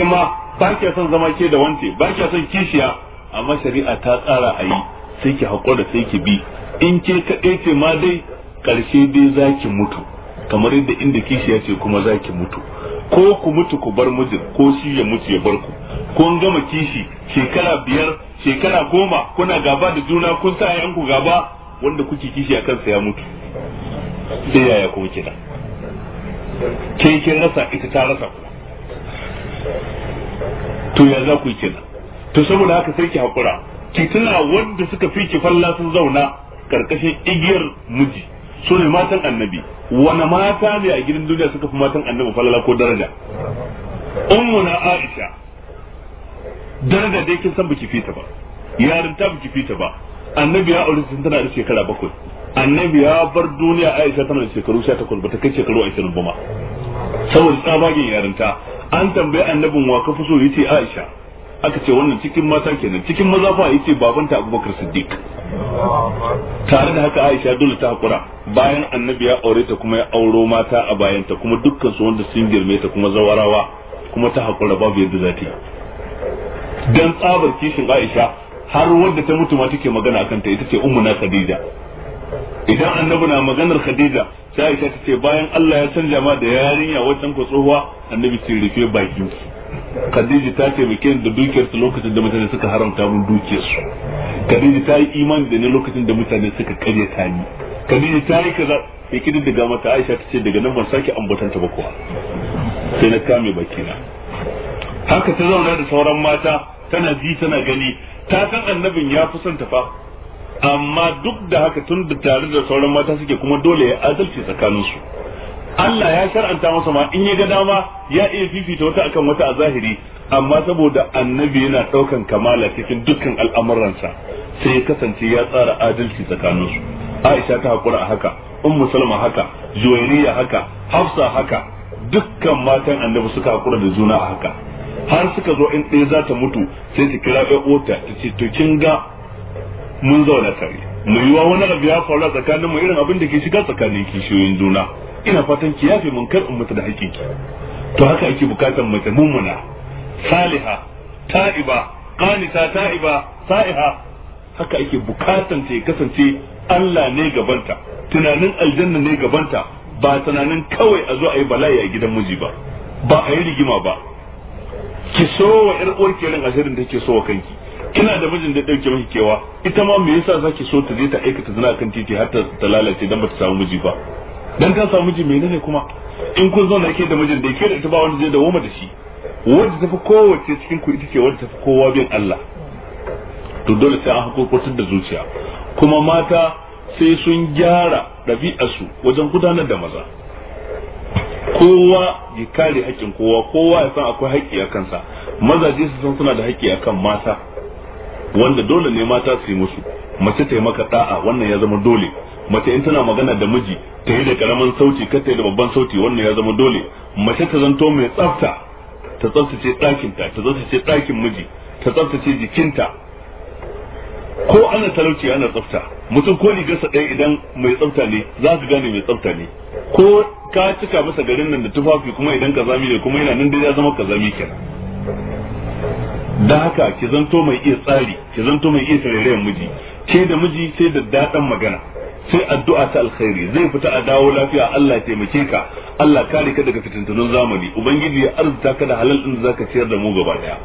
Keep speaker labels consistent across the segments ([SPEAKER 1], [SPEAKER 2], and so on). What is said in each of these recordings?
[SPEAKER 1] kuma ba kya son zama ke da wance ba kya son kishiya amma shari'a ta tsara a yi sai ki haƙura sai ki bi in ke kaɗai ce ma dai ƙarshe dai za ki mutu kamar yadda inda kishiya ce kuma za ki mutu ko ku mutu ku bar mijin ko shi ya mutu ya bar ku kun gama kishi shekara biyar shekara goma kuna gaba da juna kun sa yanku gaba wanda kuke kishi a kansa ya mutu sai yaya kuma kina kin kin rasa ita ta rasa ku to ya za ku yi kenan to saboda haka sai ki hakura ki tuna wanda suka fi ki falla sun zauna karkashin igiyar miji su ne matan annabi wani mata ne a gidan duniya suka fi matan annabi falla ko daraja na aisha daraja dai kin san biki fita ba yarinta biki fita ba annabi ya aure sun tana da shekara bakwai annabi ya bar duniya aisha tana da shekaru sha takwas ta kai shekaru ashirin ba ma saboda tsabagen yarinta an tambayi annabin wa ka fi so yace Aisha aka ce wannan cikin mata kenan cikin maza fa yace babanta Abubakar Siddiq tare da haka Aisha dole ta hakura bayan annabi ya aure ta kuma ya auro mata a bayanta kuma dukkan su wanda sun girme ta kuma zawarawa kuma ta hakura babu yadda za ta dan tsabar kishin Aisha har wanda ta mutu ma take magana akan ta ita ce ummu na Khadija idan annabi na maganar khadija sai aisha ta ce bayan Allah ya canja ma da yarinya wajen ko tsohuwa annabi ce rufe bakin khadija ta ce bikin da dukiyar su lokacin da mutane suka haramta mun dukiyar su khadija ta yi imani da ne lokacin da mutane suka karya ta ni khadija ta yi kaza ya ga mata aisha ta ce daga nan ban sake ambatanta ba kuwa sai na kame bakina haka ta zauna da sauran mata tana ji tana gani ta san annabin ya fi son ta fa amma duk da haka tun da tare da sauran mata suke kuma dole ya adalci tsakaninsu Allah ya shar'anta masa ma in ya ga dama ya iya fifita wata akan wata a zahiri amma saboda annabi yana daukan kamala cikin dukkan al'amuransa sai ya kasance ya tsara adalci tsakaninsu Aisha ta hakura a haka Ummu Salma haka Juwairiya haka Hafsa haka dukkan matan annabi suka hakura da juna a haka har suka zo in ɗaya za ta mutu sai ta kira ɗaya ta ce to kin ga mun zauna tare mu yiwa wani rabi ya faru a tsakaninmu irin abin da ke shiga tsakanin kishiyoyin juna ina fatan ki yafe mun kar in mutu da ki to haka ake bukatan mace mummuna saliha ta'iba qanita ta'iba sa'iha haka ake bukatan ta kasance Allah ne gabanta tunanin aljanna ne gabanta ba tunanin kawai a zo a yi bala'i a gidan miji ba ba a yi rigima ba ki so wa ƴar uwarki irin asirin da ke so wa kanki ina da mijin da dauke miki kewa ita ma me yasa zaki so ta je ta aikata zina kan titi har ta lalace dan bata samu miji ba dan ta samu miji menene kuma in kun zo na ke da mijin da ke da ita ba wanda zai dawo da shi wanda tafi kowace cikin ku ita ce wanda tafi kowa bin Allah to dole sai an kwatar da zuciya kuma mata sai sun gyara su wajen gudanar da maza kowa ya kare haƙƙin kowa kowa ya san akwai haƙƙi a kansa mazaje su san suna da haƙƙi a kan mata wanda dole ne mata su yi musu mace ta yi maka da'a wannan ya zama dole mace in tana magana da miji ta yi da karamin sauti ka ta yi da babban sauti wannan ya zama dole mace ta zanto mai tsafta ta tsaftace ɗakinta ta tsaftace ɗakin miji ta tsaftace jikinta ko ana talauci ana tsafta mutum ko ni gasa ɗaya idan mai tsafta ne za ka gane mai tsafta ne ko ka cika masa garin nan da tufafi kuma idan ka zami ne kuma yana nan dai ya zama ka kazami kenan da haka ki zanto mai iya tsari ki zanto mai iya tsarerayen miji ke da miji sai da dadan magana sai addu'a ta alkhairi zai fita a dawo lafiya Allah ya taimake ka Allah kare ka daga fitintunun zamani ubangiji ya arzuta ka da halal din da zaka ciyar da mu gaba daya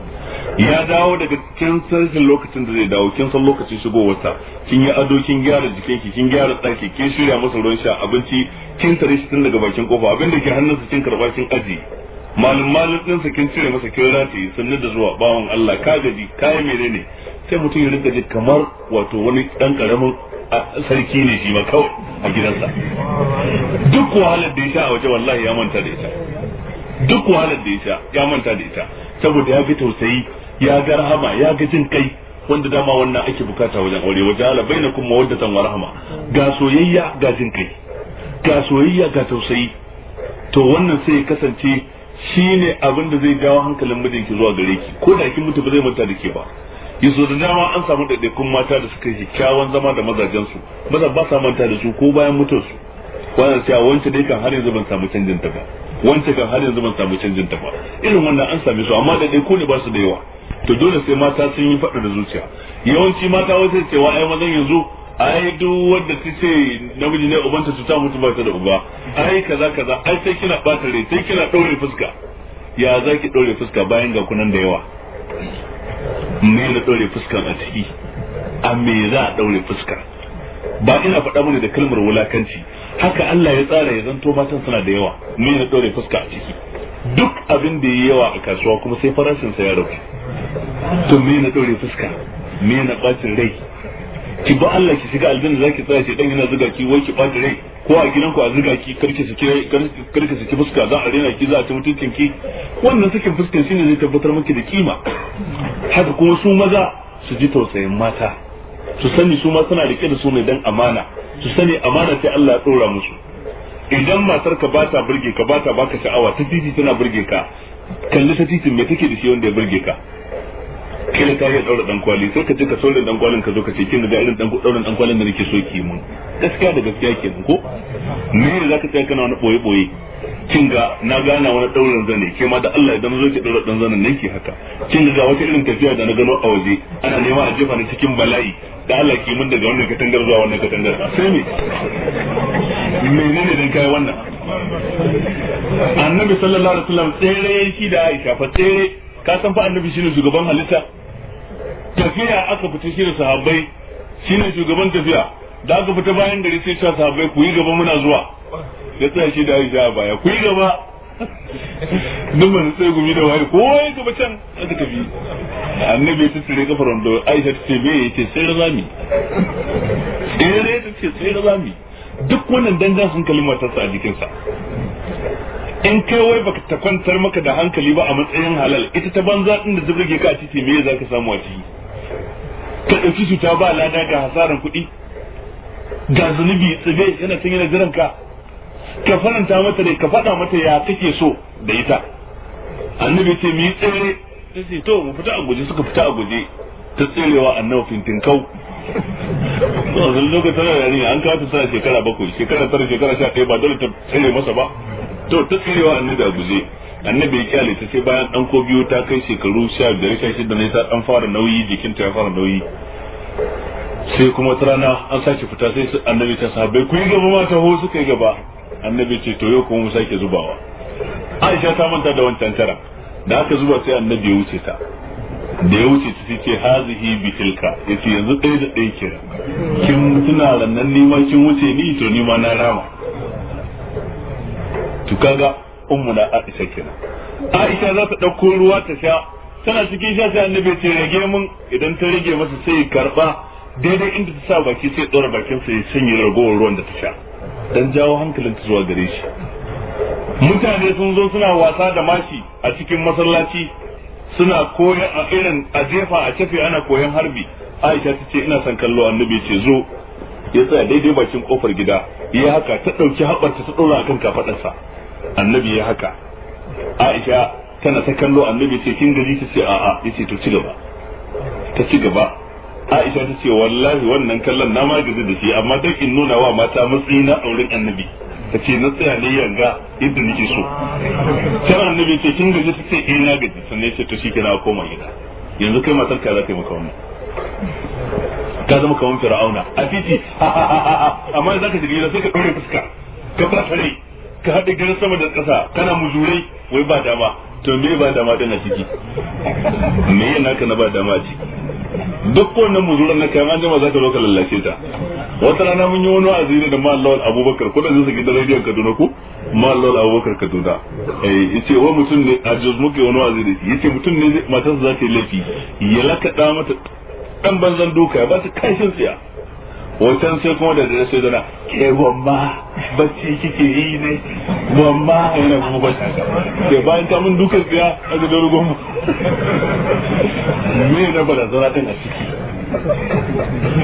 [SPEAKER 1] ya dawo daga cikin sarkin lokacin da zai dawo kin san lokacin shigowarsa kin yi ado kin gyara jikinki kin gyara tsaki kin shirya masa ruwan sha abinci kin tare shi tun daga bakin kofa abinda da ke hannunsa kin karba kin aji malum malum din sa kin cire masa kin rati sannu da zuwa bawon Allah ka gaji kai menene sai mutum ya rinka ji kamar wato wani dan karamin sarki ne shi ma kawai a gidansa duk wahalar da ya a waje wallahi ya manta da ita duk wahalar da ya ya manta da ita saboda ya ga tausayi ya ga rahama ya ga jin kai wanda dama wannan ake bukata wajen aure wajen ala bainakum mawaddatan wa rahama ga soyayya ga jin kai ga soyayya ga tausayi to wannan sai ya kasance Shi ne abin da zai jawo hankalin mijinki zuwa gare ki ko da kin mutu ba zai manta da ke ba yanzu da dama an samu daidaikun mata da suka yi kyawawan zama da mazajensu maza ba sa manta da su ko bayan mutuwarsu wannan cewa wancan dai kan har yanzu ban samu canjin ta ba wancan kan har yanzu ban samu canjin ta ba irin wannan an same su amma da ɗaiɗaiku ne ba su da yawa to dole sai mata sun yi faɗa da zuciya yawanci mata wasu cewa ai mazan yanzu ai duk wanda ta ce namiji ne ubanta su ta mutu ba ta da uba ai kaza kaza ai sai kina bata rai sai kina daure fuska ya za ki daure fuska bayan ga kunan da yawa me na daure fuskan a ciki a me za a daure fuska ba ina faɗa mana da kalmar wulakanci haka Allah ya tsara ya zanto matan suna da yawa me na daure fuska a ciki duk abin da ya yawa a kasuwa kuma sai sa ya rufe. to me na daure fuska me na bacin rai ki ba Allah ki shiga aljanna zaki tsaya ce dan yana zuga ki wai ki bata rai ko a gidan ku a zuga ki karki suke karki suke fuska za a rena ki za a ta mutuncin ki wannan sakin fuskan shine zai tabbatar miki da kima haka kuma su maza su ji tausayin mata su sani su ma suna rike da su ne dan amana su sani amana sai Allah ya dora musu idan matar ka bata burge ka bata baka sha'awa ta titi tana burge ka kalli ta titin me take da shi wanda ya burge ka kila ka iya daura dan kwali sai ka je ka saurin dan kwalin ka zo ka ce kin da irin dan daurin dan kwalin da nake so ki mun gaskiya da gaskiya kenan ko me ne zaka tsaya kana wani boye boye kin ga na gana wani daurin zane ke ma da Allah idan zo ki daura dan zanen nan haka kin ga wata irin tafiya da na gano a waje ana nema a jefa ni cikin bala'i da Allah ki mun daga wannan katangar zuwa wannan katangar sai me menene dan kai wannan annabi sallallahu alaihi wasallam tsere yayi shi da Aisha fa tsere ka san fa annabi shine shugaban halitta tafiya aka fita shi da sahabbai shine shugaban tafiya da aka fita bayan gari sai ta sahabbai ku yi gaba muna zuwa ya tsaya shi da Aisha baya ku yi gaba duk mun sai gumi da wani ko yi gaba can aka tafi annabi ta tsire kafar wando Aisha ta ce me yake sai razami sai ne ta ce sai razami duk wannan dangan sun kalmar ta sa a jikinsa in kai wai baka ta kwantar maka da hankali ba a matsayin halal ita ta banza din da zubrige ka a titi me za ka samu a ciki ka ɗauki ta ba lada ga hasaran kuɗi ga zunubi tsibe yana can yana jiran ka ka faranta mata ne ka faɗa mata ya kake so da ita annabi ce mu yi tsere sai to mu fita a guje suka fita a guje ta tserewa annabi kau
[SPEAKER 2] to
[SPEAKER 1] a lokacin da yari an kawo ta sa shekara bakwai shekara tara shekara sha ɗaya ba dole ta tsere masa ba to duk wa annabi a guje annabi ya kyale ta sai bayan dan ko biyu ta kai shekaru 15 16 ne ta dan fara nauyi jikinta ya fara nauyi sai kuma ta rana an sake fita sai annabi ta ku yi gaba ma taho suka yi gaba annabi ce to yau kuma mu sake zubawa Aisha ta manta da wancan tara da aka zuba sai annabi ya wuce ta da ya wuce ta ce hazihi bi tilka yace yanzu ɗaya da ɗaya kira kin tuna rannan ni kin wuce ni to ni ma na rama to kaga na Aisha kenan Aisha za ta dauko ruwa ta sha tana cikin sha sai annabi ce rage mun idan ta rage masa sai karba daidai inda ta sa baki sai dora bakin sai ya sanya ragowar ruwan da ta sha dan jawo hankalin ta zuwa gare shi mutane sun zo suna wasa da mashi a cikin masallaci suna koyan a irin a jefa a cafe ana koyan harbi Aisha ta ce ina son kallo annabi ce zo ya tsaya daidai bakin kofar gida ya haka ta ɗauki haɓarta ta ɗora kan kafaɗarsa annabi ya haka aisha tana ta kallo annabi ce kin gaji ta ce a'a ce to ci gaba ta ci gaba aisha ta ce wallahi wannan kallon na ma gaji da shi amma dan in nuna wa mata matsayi na auren annabi ta ce na tsaya ne yanga yadda nake so sai annabi ce kin gaji ta ce eh na gaji sannan ya ce to shi kira koma gida yanzu kai matar ka za ka yi maka wannan ka zama kamar fir'auna a titi amma idan ka shiga sai ka ɗaure fuska ka fasare ka haɗe gidan sama da ƙasa kana muzurai wai ba dama to me ba dama din a ciki me yana ka na ba dama a ciki duk kowanne muzuran na kayan anjima za ka zo ka lallace ta wata rana mun yi wani aziri da mallawal abubakar ko da zai saki da rediyon kaduna ko mallawal abubakar kaduna eh yace wa mutum ne a juz muke wani aziri yace mutum ne matarsa za ta yi laifi ya lakaɗa mata dan banzan duka ya ba ta kashin tsiya wancan sai kuma da dare sai zana ke gwamma bacci kike yi ne gwamma yana kuma bacci ke bayan ta mun duka tsiya a ga dole gwamma me na barazana din a ciki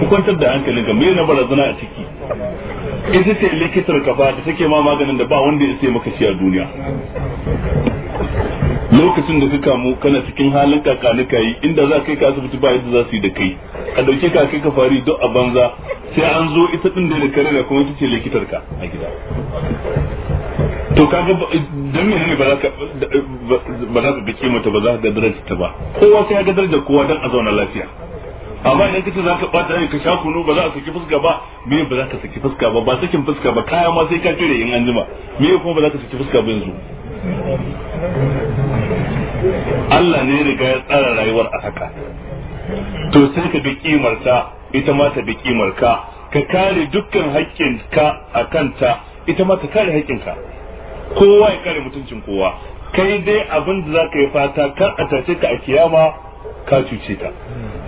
[SPEAKER 1] kwantar da hankalin ka me na barazana a ciki ita ce likitar kafa da take ma maganin da ba wanda ya sai maka shi a duniya lokacin da ka kamu kana cikin halin kakanuka yi inda za kai ka asibiti ba yadda za su yi da kai a dauke ka kai ka fari duk a banza sai an zo ita din da kare da kuma tace likitar ka a gida to kaga dan me ne ba za ka ba za ka gace mata ba za ka daraja ta ba kowa sai ya ga daraja kowa dan a zauna lafiya amma idan kace za ka bata ne ka sha kunu ba za a saki fuska ba me ba za ka saki fuska ba ba sakin fuska ba kaya ma sai ka cire in an jima me kuma ba za ka saki fuska ba yanzu
[SPEAKER 2] Allah
[SPEAKER 1] ne riga ya tsara rayuwar a haka to sai ka bi kimarta ita ma ta bi kimarka ka kare dukkan haƙƙin ka a kanta ita ma ta kare haƙƙin ka kowa ya kare mutuncin kowa kai dai abin da za ka yi fata kar a tace ka a kiyama ka cuce ta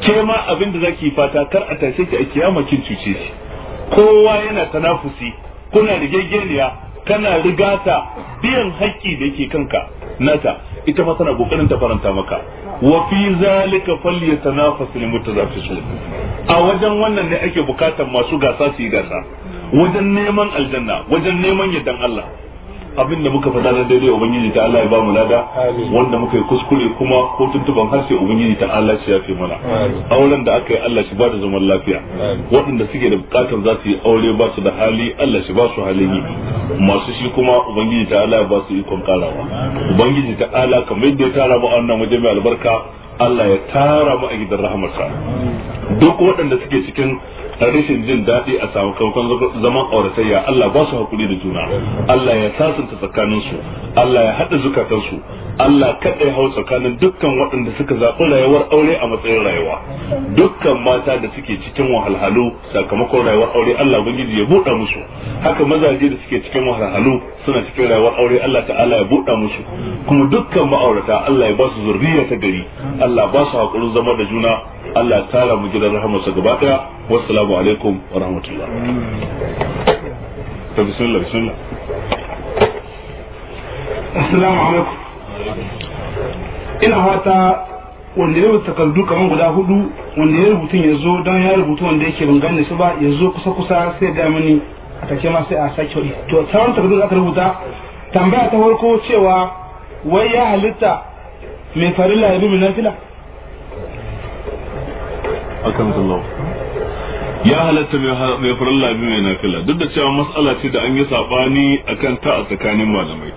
[SPEAKER 1] ke ma abin da za ki yi fata kar a tace ki a kiyama kin cuce shi kowa yana tanafusi kuna da gegeniya kana riga ta biyan haƙƙi da yake kanka nata ita ma tana kokarin ta faranta maka wa fi zalika zafi so a wajen wannan ne ake bukatan masu gasa su yi gasa wajen neman aljanna wajen neman yardan Allah abin da muka faɗa na daidai ubangiji ta Allah ya ba lada wanda muka yi kuskure kuma ko tuntuban har sai ubangiji ta Allah shi ya fi mana auren da aka yi Allah shi ba da zaman lafiya waɗanda suke da bukatar za su yi aure ba su da hali Allah shi ba su halin yi masu shi kuma ubangiji ta Allah ya ba su ikon karawa ubangiji ta Allah kamar yadda ya tara mu a wannan waje mai albarka Allah ya tara mu a gidan rahamarsa duk waɗanda suke cikin rashin jin daɗi a sakamakon zaman auratayya Allah ba su hakuri da juna Allah ya sasanta tsakanin su Allah ya haɗa zukatan su Allah kaɗai hau tsakanin dukkan waɗanda suka zaɓi rayuwar aure a matsayin rayuwa dukkan mata da suke cikin wahalhalu sakamakon rayuwar aure Allah ubangiji ya buɗa musu haka mazaje da suke cikin wahalhalu suna cikin rayuwar aure Allah ta'ala ya buɗa musu kuma dukkan ma'aurata Allah ya ba su zurriya ta gari Allah ba su hakurin zama da juna Allah ya tara mu gidan rahamarsa gaba daya wassalamu alaikum wa rahmatullah ta bismillah bismillah
[SPEAKER 3] assalamu alaikum ina fata wanda ya rubuta takardu kamar guda hudu wanda ya rubutun ya zo don ya rubutu wanda yake ban gane su ba ya zo kusa kusa sai da mini a take ma sai a sake wani to tsawon takardun da aka rubuta tambaya ta farko cewa wai ya halitta mai farilla ya bi min nafila
[SPEAKER 1] akan ya halatta mai farilla labi mai nafila duk da cewa matsala ce da an yi sabani kan ta a tsakanin malamai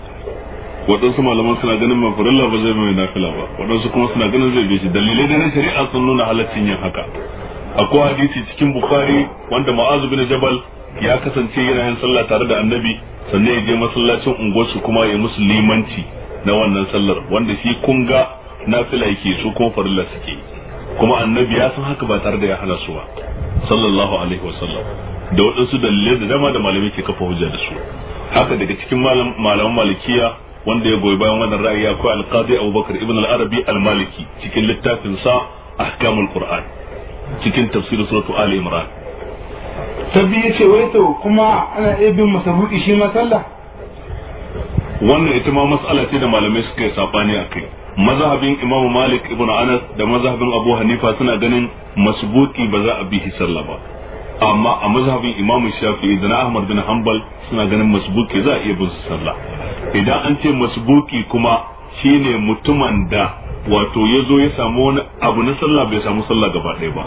[SPEAKER 1] waɗansu malaman suna ganin mai farilla labi zai mai nafila ba waɗansu kuma suna ganin zai bishi shi dalilai da na shari'a sun nuna halaccin yin haka akwai hadisi cikin bukhari wanda ma'azu bin jabal ya kasance yana yin sallah tare da annabi sannan ya je masallacin unguwarsu kuma ya musu limanci na wannan sallar wanda shi kunga nafila yake su kuma farilla suke yi kuma annabi ya san haka ba tare da ya hana su ba sallallahu alaihi wa sallam da waɗansu dalilai da dama da malamai ke kafa hujja da su haka daga cikin malaman malikiya wanda ya goyi bayan wannan ra'ayi akwai alqadi abubakar ibn al-arabi al-maliki cikin littafin sa ahkamul qur'an cikin tafsir suratu ali imran
[SPEAKER 3] tabbi yace wai to kuma ana iya bin masabuki shi ma sallah
[SPEAKER 1] wannan ita ma mas'ala ce da malamai suka yi sabani akai mazhabin imam malik ibn anas da mazhabin abu hanifa suna ganin masbuki ba za a bi sallah ba amma a mazhabin imam shafi'i da na ahmad bin hanbal suna ganin masbuki za a iya bin sallah idan an ce masbuki kuma shine mutumin da wato ya zo ya samu wani abu na sallah bai samu sallah gaba ɗaya ba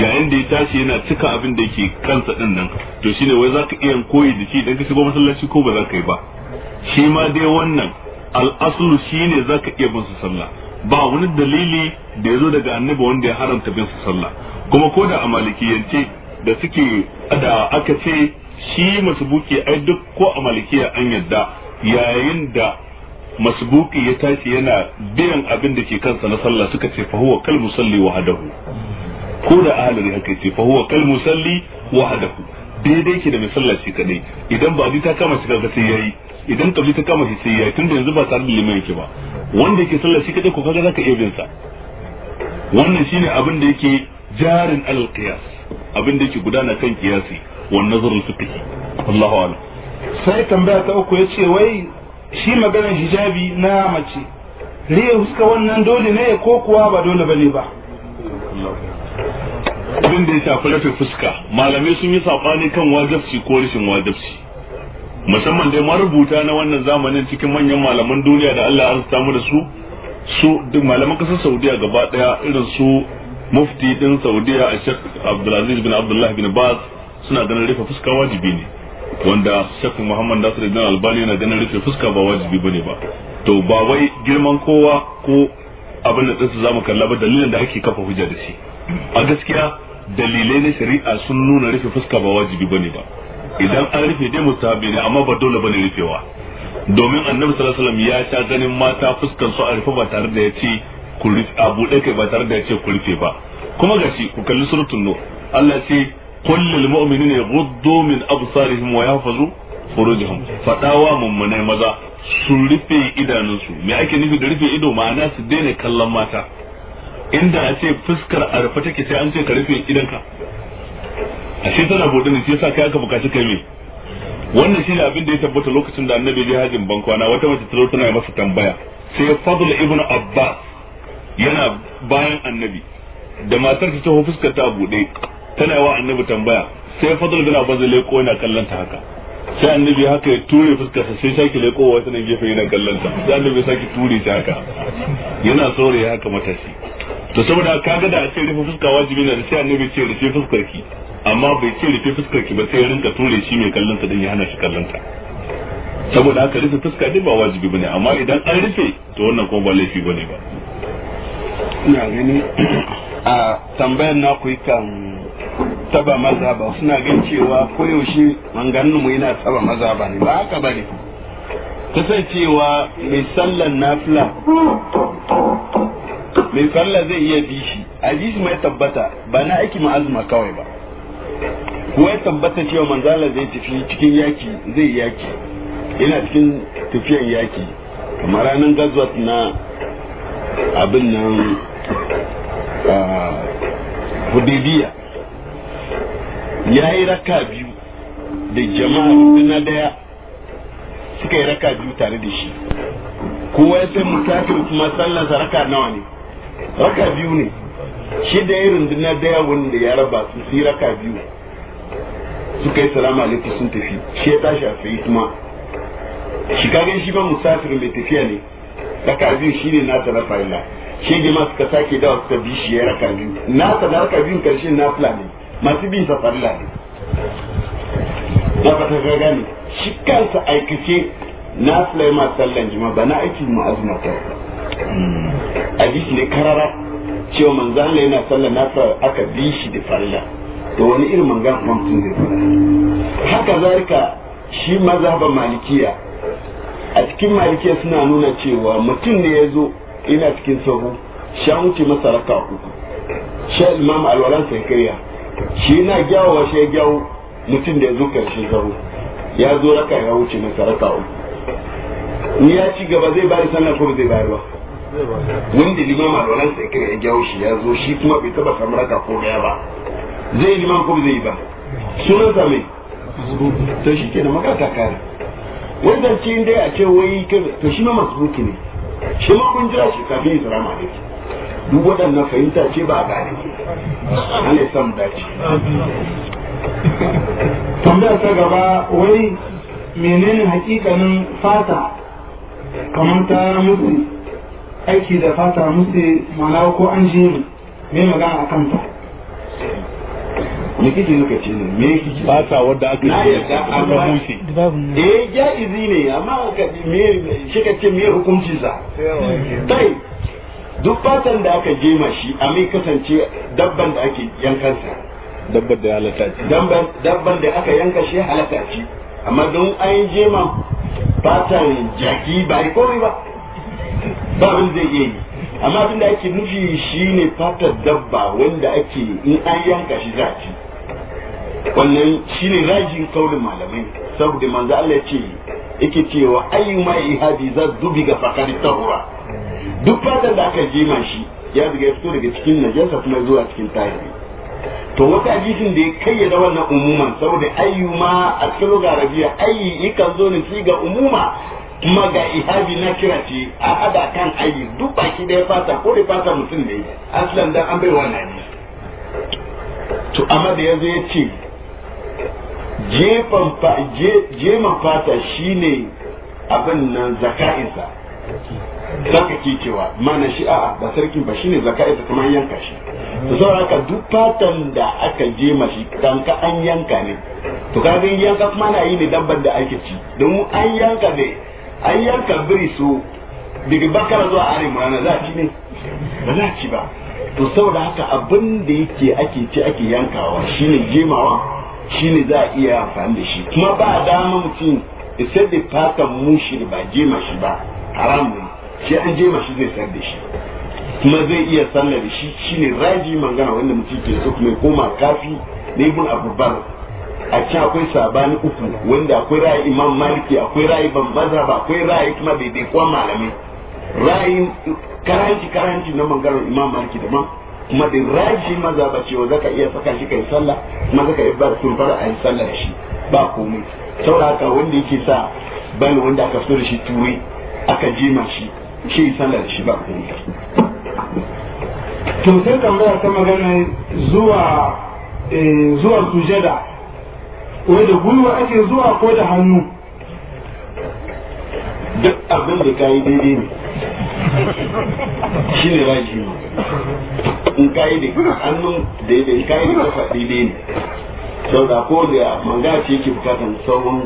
[SPEAKER 1] yayin da ya tashi yana cika abin da yake kansa din nan to shine wai zaka iya koyi da shi dan ka shigo masallaci ko ba za ka yi ba shi ma dai wannan shi ne za ka iya bin su sallah ba wani dalili da ya zo daga annabi wanda ya haramta bin sallah kuma ko da a malikiyance da suke da aka ce shi masubuki ai duk ko a malikiya an yadda yayin da masubuki ya tashi yana biyan abin da ke kansa na sallah suka ce fa huwa kal musalli hadahu ko da ahalari haka ce fa huwa kal musalli hadahu daidai ke da mai sallah shi kadai idan ba ta kama shi ka sai yayi idan kabli ta kama shi sai tun tunda yanzu ba tare da liman yake ba wanda yake sallah shi kadai ko kaga zaka iya bin sa wannan shine abin da yake jarin al-qiyas abin da yake gudana kan kiyasi wa nazarul fiqhi Allahu a'lam
[SPEAKER 3] sai tambaya ta uku yace wai shi maganar hijabi na mace riya huska wannan dole ne ko kuwa ba dole bane ba abin da ya shafi rufe
[SPEAKER 1] fuska malamai sun yi saɓani kan wajabci ko rashin wajabci musamman dai marubuta na wannan zamanin cikin manyan malaman duniya da Allah arzuta mu da su su duk malaman kasar Saudiya gaba daya irin su mufti din Saudiya a Sheikh Abdulaziz bin Abdullah bin Baz suna ganin rufe fuska wajibi ne wanda Sheikh Muhammad Nasir bin Albani yana ganin rufe fuska ba wajibi bane ba to ba wai girman kowa ko abin da tsinsu zamu kalla ba dalilin da ake kafa hujja da shi a gaskiya dalilai na shari'a sun nuna rufe fuska ba wajibi bane ba idan an rufe dai musabi ne amma ba dole bane rufewa domin annabi sallallahu alaihi wasallam ya ta ganin mata fuskan su a rufe ba tare da ya ce ku rufe a buɗe kai ba tare da ya ce ku rufe ba kuma gashi ku kalli suratul nur Allah ce qul lil mu'minina yaghuddu min absarihim wa yahfazu furujahum fadawa mummunai maza su rufe idanunsu me ake nufi da rufe ido ma'ana su daina kallon mata inda a ce fuskar a rufe take sai an ce ka rufe idanka ashe tana bude ne shi yasa kai aka bukaci kai me wannan shi ne abin da ya tabbata lokacin da annabi ya hajin bankwana wata mace ta tana masa tambaya sai fadl ibn abbas yana bayan annabi da matar ta taho fuskar ta bude tana wa annabi tambaya sai fadl ibn abbas ya leko yana kallon ta haka sai annabi haka ya ture sa sai sake leko wata nan gefe yana kallon ta sai annabi ya sake ture ta haka yana saurayi haka matashi to saboda kaga da a ce rufe fuska wajibi na sai annabi ce rufe fuskar ki amma bai ce rufe fuskar ki ba sai rinka tore shi mai kallon ta din ya hana shi kallon ta saboda haka rufe fuska din ba wajibi bane amma idan an rufe to wannan kuma ba laifi bane ba
[SPEAKER 4] ina gani a tambayar na ku kan taba ba suna gan cewa koyaushe manganin mu yana taba ba ne ba haka bane kasancewa mai sallan nafila mai sallah zai iya bi shi hadisi mai tabbata ba na aiki ma azuma kawai ba kuma ya tabbata cewa manzala zai tafi cikin yaki zai yaki yana cikin tafiyan yaki kamar ranar gazwat na abin nan hudibiya ya yi raka biyu da jama'a na daya suka yi raka biyu tare da shi kowa ya sai mutakin kuma sallarsa raka nawa ne raka biyu ne shi da ya runduna daya wanda ya raba su su raka biyu suka yi salama alaikum sun tafi shi ya tashi a fayi kuma shi kagan shi ba musafir mai tafiya ne raka biyu shi ne nasa na fa'ila shi ne ma suka sake dawa suka bi shi ya raka biyu nasa na raka biyun karshen na fulani ne masu bin sa farila ne na fata ka gane shi kansa aikace na fulani ma sallan jima ba na aikin mu hadisi ne karara cewa manzo Allah yana sallar nasa aka bi shi da farilla to wani irin mangan kuma mutum zai fara haka zalika shi mazhaban malikiya a cikin malikiya suna nuna cewa mutum ne ya zo ina cikin sahu sha wuce masa raka uku sha imam alwalan sai kariya shi na gyawawa shi ya gyawo mutum da ya zo karshen sahu ya zo raka ya wuce masa raka uku ni ya ci gaba zai bari sannan ko zai bari ba Wani limama da wannan sai kira ya jawo shi ya zo shi kuma bai taba samu raka ko daya ba zai yi liman ko bai yi ba sunan sa me to shi ke da makata kare wannan ce inda ya ce wai kai to shi ma buki ne shi ma kun jira shi kafin islamu alaikum duk waɗannan fahimta ce ba a gane ne samu dace
[SPEAKER 3] tambayar ta gaba wai menene hakikanin fata kamar ta mutu aiki da fata musu mana ko an ji ne me magana a kanta me
[SPEAKER 4] kike nuka ce ne me kike fata wanda aka yi da aka musu eh ja izi ne amma ka me kika ce me hukunci sa dai duk fatan da aka jema shi a mai kasance dabban da ake sa. dabban da halatta ce dabban da aka yanka shi halatta ce amma don an jema fatan jaki ba komai ba ba wani zai iya yi amma abin da ake nufi shi ne fatar dabba wanda ake in an yanka shi za ci wannan ne rajin kaurin malamai saboda manzo Allah ya ce yake cewa ayyuma ma ihadi za dubi ga fakari tahura duk fatan da aka jima shi ya riga ya fito daga cikin najasa kuma zuwa cikin tahiri to wata hadisin da ya kayyada wannan umuman saboda ayyu ma a cikin lugarabiya arabiya ayyi yakan zo ne ga umuma kuma ga ihabi na kira ce a hada kan ayi duk baki da ya fata ko da fata mutum ne aslan dan an bai wannan ne to amma da yanzu ya ce jefan jeman fata shine abin nan zaka'isa zaka ke cewa mana shi a'a ba sarkin ba shine zaka'isa kuma an yanka shi to saboda haka duk fatan da aka jema shi dan ka an yanka ne to kaga yanka kuma na yi ne dabban da ake ci don an yanka ne an yanka biri so daga bakar zuwa arewa rana za a ci ne ba za ci ba to saboda haka abin da yake ake ci ake yankawa shine jemawa shine za a iya amfani da shi kuma ba a dama mutum isar da fatan mushi da ba jema shi ba haram ne shi an jema shi zai sar da shi kuma zai iya sallar da shi shine raji mangana wanda mutum ke so kuma koma kafi na ibn abubar a ci akwai sabani uku wanda akwai ra'ayi imam maliki akwai ra'ayi ban ba akwai ra'ayi kuma daidai kuwa malamai ra'ayi karanci karanci na bangaren imam maliki ma kuma da shi maza ba cewa zaka iya saka shi kai sallah kuma zaka iya ba sun fara ayi sallah shi ba komai saboda haka wanda yake sa bani wanda aka fito da shi turai aka jima shi shi sallah da shi ba komai
[SPEAKER 3] to sai tambaya ta magana zuwa eh, zuwa sujada wanda da gwiwa ake zuwa ko da hannu
[SPEAKER 4] duk abin da kayi daidai ne shi ne raji in kayi da hannun daidai in kayi da kafa daidai ne sau da ko da manga ce yake bukatan sauran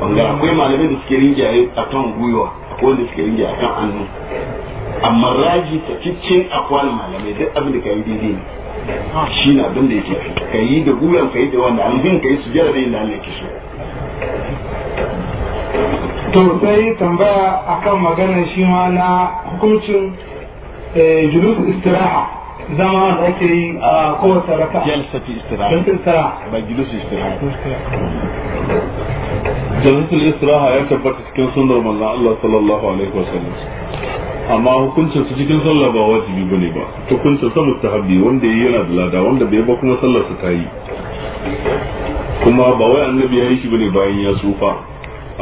[SPEAKER 4] manga akwai malamai da suke rinjaye a kan gwiwa ko da suke rinjaye a kan hannu amma raji ta cikin akwal malamai duk abin da kayi daidai ne shi na abin da yake ka yi da guran ka yi da wanda an bin ka yi su jira da yin da Allah ke
[SPEAKER 3] so to sai tambaya akan maganar shi ma na hukuncin eh, julus istiraha zama da ake yi a kowace raka jalsati istiraha jalsati istiraha ba julus istiraha jalsatul istiraha ya tabbata
[SPEAKER 1] cikin sunnar manzon Allah sallallahu alaihi wasallam amma hukuncin su cikin sallah ba wajibi bane ba hukuncin sa mustahabi wanda yi yana da lada wanda bai ba kuma sallar sa tayi kuma ba wai annabi ya yi shi bane bayan ya tsufa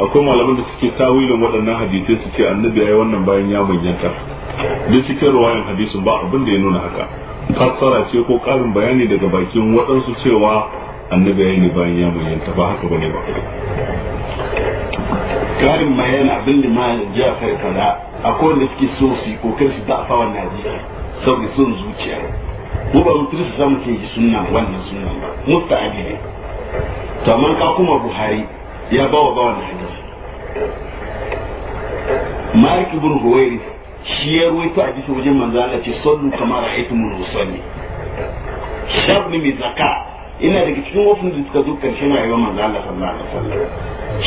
[SPEAKER 1] akwai malaman da suke tawilin waɗannan hadisai su ce annabi ya yi wannan bayan ya manyanta duk cikin ruwayan hadisin ba abin da ya nuna haka fassara ce ko ƙarin bayani daga bakin waɗansu cewa annabi ya yi ne bayan ya manyanta ba haka bane ba
[SPEAKER 4] karin bayan abin da ma kai kaza akwai wanda suke so su yi kokarin su dafa wannan hadisi saboda son zuciya mu ba mutum su samu ke yi sunan wannan sunan ba mutta ne to amma ka kuma buhari ya ba wa bawan hadisi malik ibn huwairi shi ya ruwaito hadisi wajen manzo Allah ce sallu kama ra'aytumul musalli sharri mai zaka ina daga cikin wasu da suka zo karshen rayuwar manzo Allah sallallahu alaihi wasallam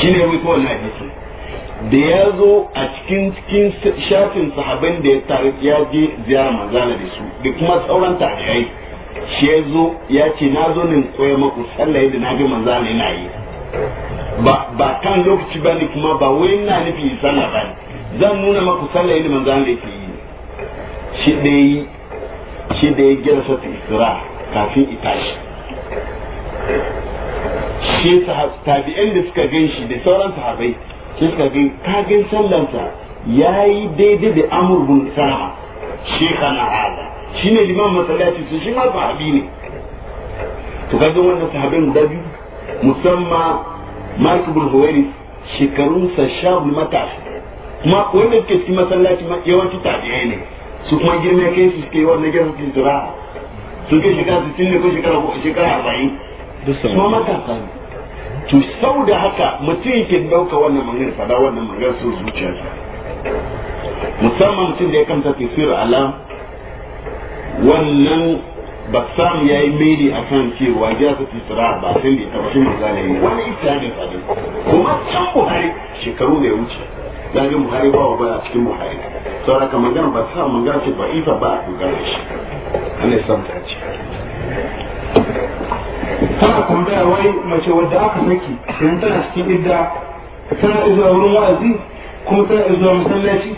[SPEAKER 4] shine ruwaito wannan hadisi da ya zo a cikin cikin shafin sahabin da ya tare ya je ziyara manzana da su da kuma tsauran tarihai shi ya zo ya ce na zo ne koya maku sallah da na ga manzala yana yi ba ba kan lokaci ba ne kuma ba wai na nufi sallah ba zan nuna maku sallah da manzala yake yi shi da yi shi da ya gina sata isra kafin itashi shi tabi'an da suka gan shi da sauran sahabai sai ka ga kagin sallansa ya yi daidai da amur bin salama shekana hada shi ne liman masallaci su shi ma sahabi ne to kaga wannan sahabin guda biyu musamman mark bin huwairis shekarunsa sha matashi kuma wanda suke cikin masallaci yawanci tabi'ai ne su kuma girma kai su suke wannan girma cikin jira su ke shekara 60 ne ko shekara 40
[SPEAKER 2] kuma matasa
[SPEAKER 4] ne to sau da haka mutum yake dauka wannan magana fada wannan magana sun zuciyarsa musamman mutum da ya ke tafsir ala wannan ba sam ya yi maidi a kan cewa jasa tisra ba sai da ya taba shin da yi wani islami fadi kuma can buhari shekaru da ya wuce zagin buhari ba wa baya cikin buhari ka magana ba sa magana ce ba ifa ba a dogara shi ana samun ta
[SPEAKER 2] ce
[SPEAKER 3] tana tambaya wai mace wadda aka saki idan tana cikin idda tana izuwa wurin wa'azi kuma tana izuwa masallaci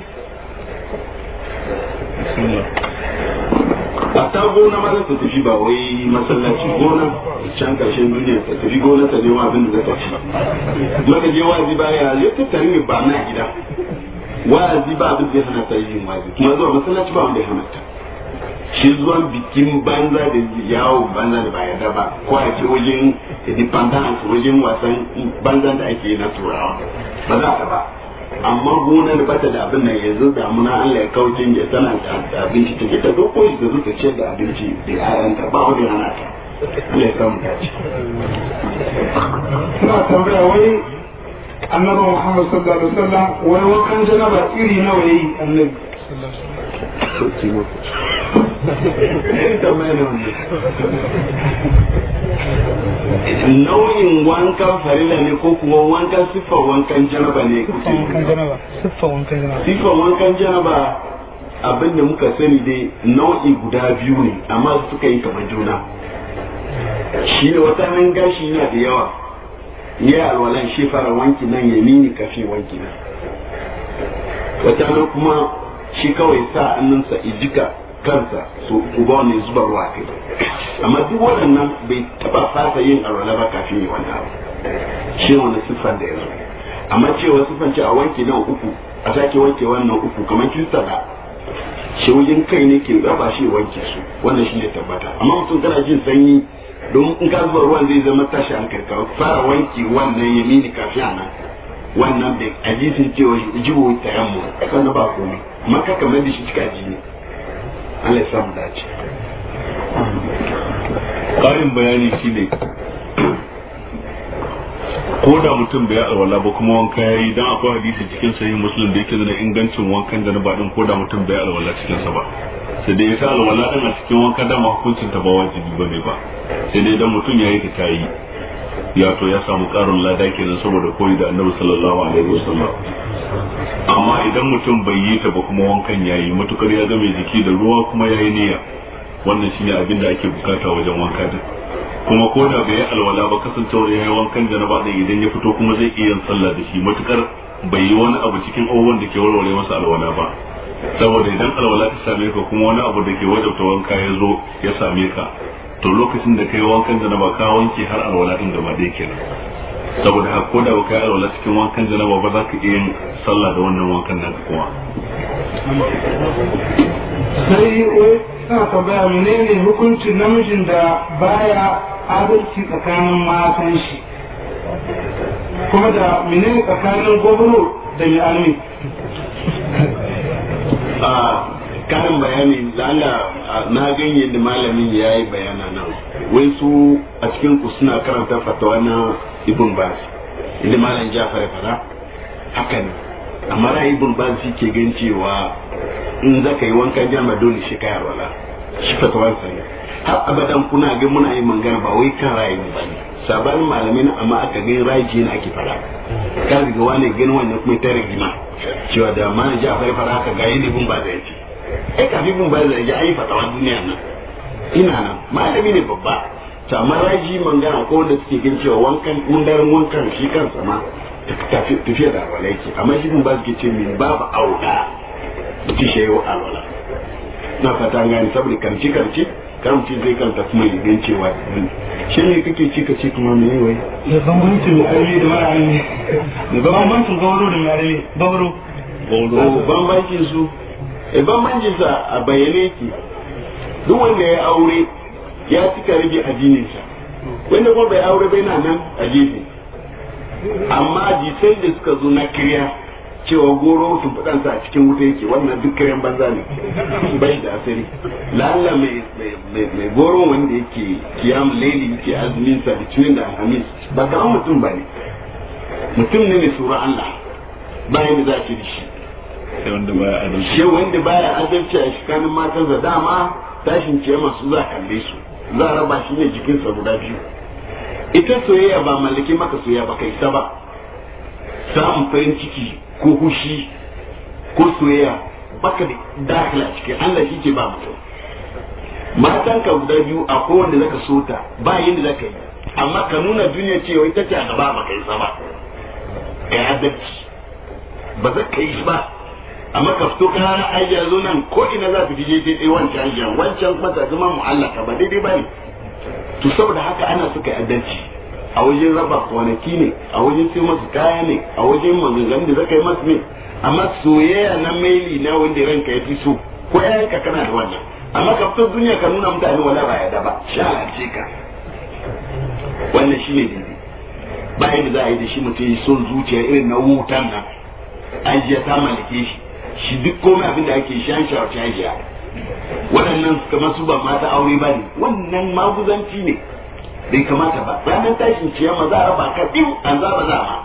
[SPEAKER 3] a ta gona ma za ta tafi ba wai masallaci gona can
[SPEAKER 4] karshen duniya ta tafi gona ta nemo abin da za ta ci maka je wa'azi ba ya zai ta tarihi ba na gida wa'azi ba abin da ya hana ta yin wa'azi kuma zuwa masallaci ba wanda ya hana ta shi zuwan bikin banza da yawo banza da ba ba ko a ce wajen independence wajen wasan banza da ake na turawa ba za ta ba amma gonar bata da abin nan yanzu da muna Allah ya kauce ya tana abinci take ta doko da zuwa ce da abinci da ta ba wani hana ta Allah ya samu dace
[SPEAKER 3] na tambaya wai annabi Muhammad sallallahu alaihi wasallam wai wakan janaba iri nawa yayi annabi sallallahu
[SPEAKER 2] alaihi wasallam
[SPEAKER 3] nau'in
[SPEAKER 4] wankan farila ne ko kuma wankan siffar wankan janaba ne siffar wankan janaba abin muka sani dai nau'i guda biyu ne amma suka yi kamar juna shi ne wata nan gashi yana da yawa ya alwalan shi fara wanki nan ya nini kafi wanki nan wata kuma shi kawai sa annansa ijika kansa su uba ne zubar ruwa kai amma duk waɗannan bai taba fasa yin arwala ba kafin yi wani abu shi wani siffan da ya zo amma cewa siffan ce a wanke nan uku a sake wanke wannan uku kamar kista da shi wajen kai ne ke gaba shi wanke su wannan shi ne tabbata amma mutum kana jin sanyi don in ka zuba ruwan zai zama tashi an ka fara wanki wannan yamini kafin a nan wannan bai ajisin cewa jibo tayammu sannan ba komai amma ka kamar da shi cika jini Allah ya dace bayani shine
[SPEAKER 1] ko da mutum bai alwala ba kuma wanka ya yi dan akwai hadisi cikin sahih musulun da yake nuna ingancin wankan da na baɗin ko da mutum bai alwala cikin sa ba sai dai ita alwala ɗin a cikin wanka da ma hukuncin ta ba wajibi ba sai dai dan mutum ya yi ta yi. ya to ya samu karin lada kenan saboda koyi da annabi sallallahu alaihi wasallam amma idan mutum bai yi ta ba kuma wankan yayi matukar ya ga mai jiki da ruwa kuma yayi niyya wannan shine abin da ake bukata wajen wanka din kuma ko da bai yi alwala ba kasancewar yayi wankan janaba din idan ya fito kuma zai iya yin sallah da shi matukar bai yi wani abu cikin abubuwan da ke warware masa alwala ba saboda idan alwala ta same ka kuma wani abu da ke wajabta wanka ya zo ya same ka to lokacin da kai wankan janaba ka wanke har alwala din gaba dai kenan saboda haka ko da ba kai alwala cikin wankan janaba ba za ka iya yin sallah da wannan wankan naka kuma
[SPEAKER 3] sai sa suna tambaya menene hukuncin namijin da baya adalci tsakanin matan shi kuma da menene tsakanin gwamnati da
[SPEAKER 4] mai karin bayani lalla na ganye da malamin ya yi bayana nan wai su a cikin ku suna karanta fatawa na ibn baz inda malam jafar ya fara haka ne amma ra ibn baz ke gan cewa in zaka yi wanka jama dole shi ka wala shi fatawa sai har abadan kuna ga muna yi mangana ba wai kan ra'ayi ba ne sabanin malamai amma aka gani ra'ayi na ake fara ka ga wani gani wannan kuma ta rigima cewa da malam jafar ya fara haka ga yin ibn baz ya ce ai kafin mun bayar da ya yi fatawa duniya nan ina nan malami ne babba to amma raji mangana ko da suke gin cewa wankan kundarin wankan shi kansa ma tafiya da alwala yake amma shi mun ba su ce min babu auda mutum shi yayi alwala na fata gani saboda karci karci kan mutum zai kanta kuma ya gin cewa shi ne kake ci kace kuma me ne wai da bambancin aure da mara ne da bambancin gauro da mara gauro gauro bambancin su Eh, banbancinsa a bayyane ki duk wanda ya aure ya cika rage sa wanda kuma bai aure bai na nan a gefe amma jisai da suka zo na kiriya cewa goro sun fadansa a cikin wuta yake wannan duk kiran banza ne bai da asiri lalla mai mai goro wanda yake kiyam laili yake azumin sa da cinin da alhamis ba kamar mutum ba ne mutum ne mai tsoron Allah bayan da za a da shi shi wanda baya adalci a shikanin matan da dama tashin ce su za a kalle su za a raba shi ne jikinsa guda biyu ita soyayya ba mallake maka soyayya ba kai ta ba samun farin ciki ko hushi ko soyayya baka da dakila ciki. Allah shi ce ba mutum matan ka guda biyu a kowanne zaka sota. ta ba da zaka yi amma ka nuna duniya cewa ita ce a gaba ba kai sa ba ba za ka yi ba amma fito ka ai ya zo nan ko ina za ku je dai wancan jan wancan kuma zuma zama mu'allaka ba daidai ba ne to saboda haka ana suka yi adalci a wajen raba kwanaki ne a wajen sai masu kaya ne a wajen manzan da zaka yi masu ne amma soyayya na maili na wanda ranka ya fi so ko ka kana da wannan amma fito duniya ka nuna mutane wala ba ya da ba ce ka wannan shine dai ba yadda za a yi da shi mutum ya son zuciya irin na wutan nan an jiya ta mallake shi shi duk komai abin da ake shan shawar shajiya waɗannan kamar su ba mata aure ba ne wannan maguzanci ne bai kamata ba ranar tashin ciya ma za a raba ka biyu an zaba za ma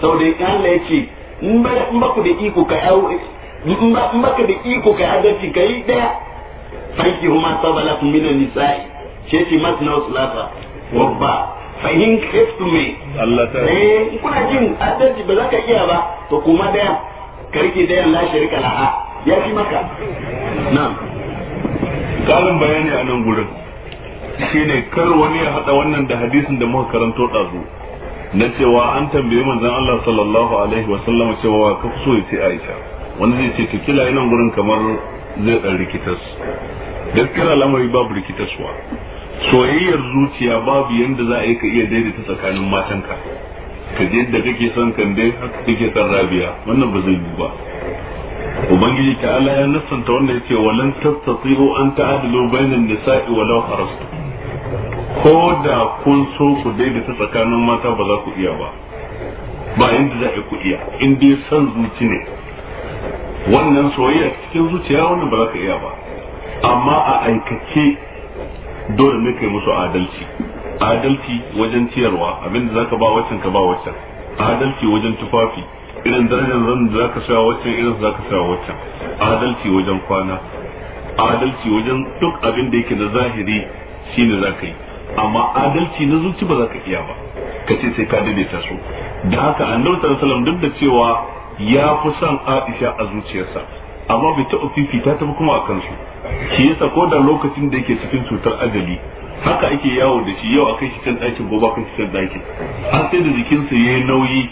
[SPEAKER 4] saboda in Allah ya ce in ba ku da iko ka in ba ka da iko ka adalci ka yi ɗaya fanki huma sabala kun mina nisa'i ce ce masu na wasu lafa wabba fahim kiftu mai Allah eh, kuna jin adalci ba za ka iya ba to kuma ɗaya karke da lashe rika la'a ya fi maka
[SPEAKER 1] na'am kalin bayani a nan gurin shine kar wani ya hada wannan da hadisin da muka karanto dazu na cewa an tambaye manzon Allah sallallahu alaihi wa sallam cewa ka so ya ce Aisha Wani zai ce to kila nan gurin kamar zai dan rikitas gaskiya lamari babu rikitaswa soyayyar zuciya babu yanda za a yi ka iya daidaita tsakanin matanka ka je da kake son kande haka kake son rabiya wannan ba zai yi ba ubangiji ta Allah ya nassanta wannan yace walan tastati'u an ta'dilu bainan nisa'i walau harastu ko da kun so ku daidaita tsakanin mata ba za ku iya ba ba inda za ku iya in dai son zuci ne wannan soyayya cikin zuciya wannan ba za ka iya ba amma a aikace dole ne kai musu adalci adalci wajen ciyarwa abinda zaka ba waccan ka ba waccan adalci wajen tufafi irin darajar zan da zaka sha waccan irin zaka sha waccan adalci wajen kwana adalci wajen duk abin da yake na zahiri shine zaka yi amma adalci na zuci ba za ka iya ba ka ce sai ka daidaita su da haka annabi sallallahu duk da cewa ya fi son Aisha a zuciyarsa amma bai taɓa fifita ta kuma a kansu shi yasa ko da lokacin da yake cikin cutar ajali haka ake yawo da shi yau akai shi kan ɗakin gobe akai shi kan ɗakin har sai da jikinsa ya yi nauyi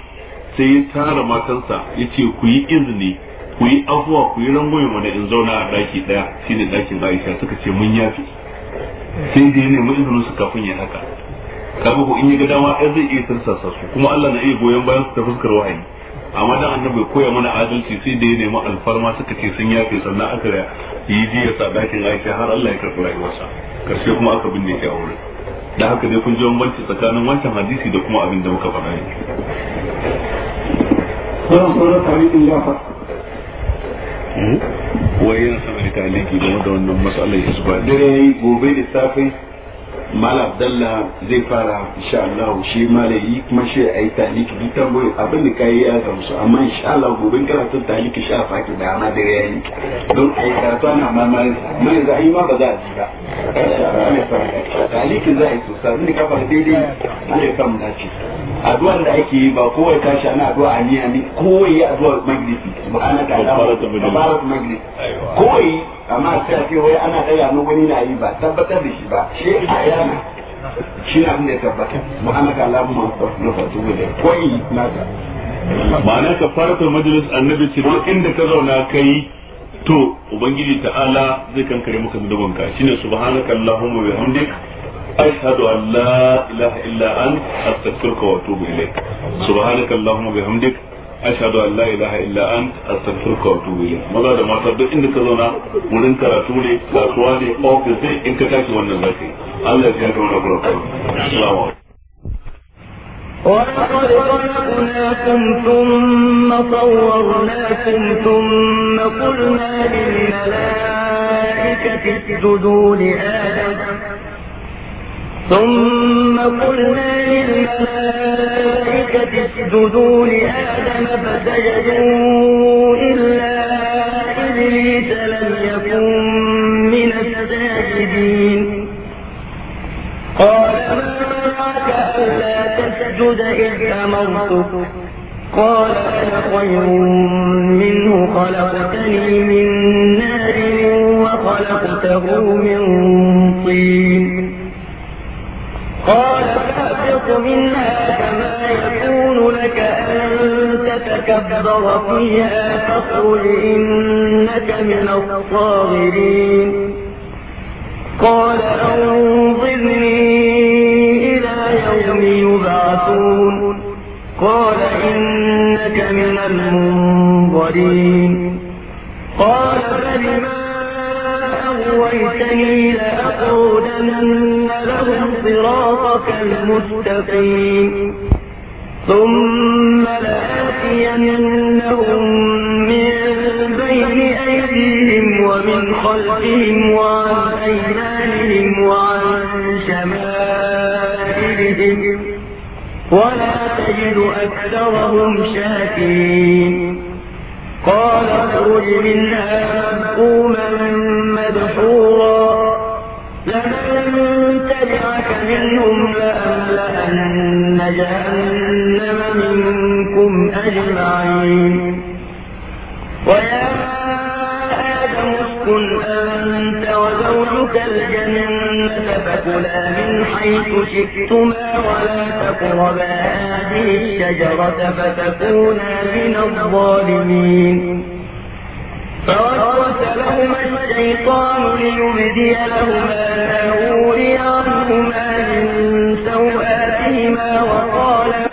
[SPEAKER 1] sai ya tara matansa ya ce ku yi izini ku yi afuwa ku yi rangoyi mana in zauna a ɗaki ɗaya shine ɗakin Aisha suka ce mun yafi sai da ya nemi izinin su kafin ya haka kaga ko in ya ga dama ɗaya zai iya tirsasa su kuma Allah na iya goyon bayan su ta fuskar wahayi amma dan annabi koya mana adalci sai da ya nemi alfarma suka ce sun yafe sannan aka yi jiya dakin Aisha har Allah ya karɓi rayuwarsa karshe kuma aka binne shi a wurin da haka dai kun ji banci tsakanin wancan hadisi da kuma abin da muka faɗa
[SPEAKER 3] yanzu sauran sauran tarihin
[SPEAKER 1] hmm? wai yana da aliki game da wannan matsalar
[SPEAKER 4] isba
[SPEAKER 3] dare gobe
[SPEAKER 4] da safe mala abdalla zai fara insha Allah shi mala yi kuma shi ai talik bi tamboyi abin da kai ya gamsu amma insha Allah gobe karatu talik sha faki da amma da yayi don ai karatu na mamari mai za yi ma ba za a ji ba talik zai a yi sosai ka fara daidai ne na ci addu'ar da ake yi ba kowai kashi ana addu'a a niyya ne kowai yi addu'ar magrisi subhana ka fara tabarak magrisi kowai amma sai ake wai ana kai hannu wani na yi ba tabbatar da shi ba shi a yana shi na abin da tabbata subhana ka na mu nufatu da koyi ta. ma'ana ka kafaratul majlis
[SPEAKER 1] annabi ce duk inda ka zauna kai to ubangiji ta'ala zai kankare maka zunubanka shine subhanakallahumma wa bihamdika أشهد أن لا إله إلا أنت أستغفرك وأتوب إليك سبحانك اللهم وبحمدك أشهد أن لا إله إلا أنت أستغفرك وأتوب إليك ما da ما duk انك ka zauna wurin karatu ne kasuwa ne ofis ne in ka tashi wannan zaki Allah
[SPEAKER 5] ولقد خلقناكم ثم صورناكم ثم قلنا للملائكة اسجدوا لآدم ثم قلنا للملائكة اسجدوا لآدم فسجدوا إلا إبليس لم يكن من الساجدين قال ما منعك ألا تسجد إذ أمرتك قال أنا خير منه خلقتني من نار وخلقته من طين قال فاهبط منها كما يكون لك أن تتكبر فيها فاخرج إنك من الصاغرين قال أنظرني إلى يوم يبعثون قال إنك من المنظرين قال فبما أغويتني لأقعدن لهم صراطك المستقيم ثم لآتينهم من بين أيديهم ومن خلفهم وعن أيمانهم وعن شمائلهم ولا تجد أكثرهم شاكرين قال اخرج منها مذكوما مدحورا لمن تبعك منهم لأملأن جهنم منكم أجمعين ويا آدم اسكن أنت وزوجك الجنة فكلا من حيث شئتما ولا تقربا هذه الشجرة فتكونا من الظالمين فوسوس لهما الشيطان ليبدي لهما ما نوري عنهما من سوآتهما وقال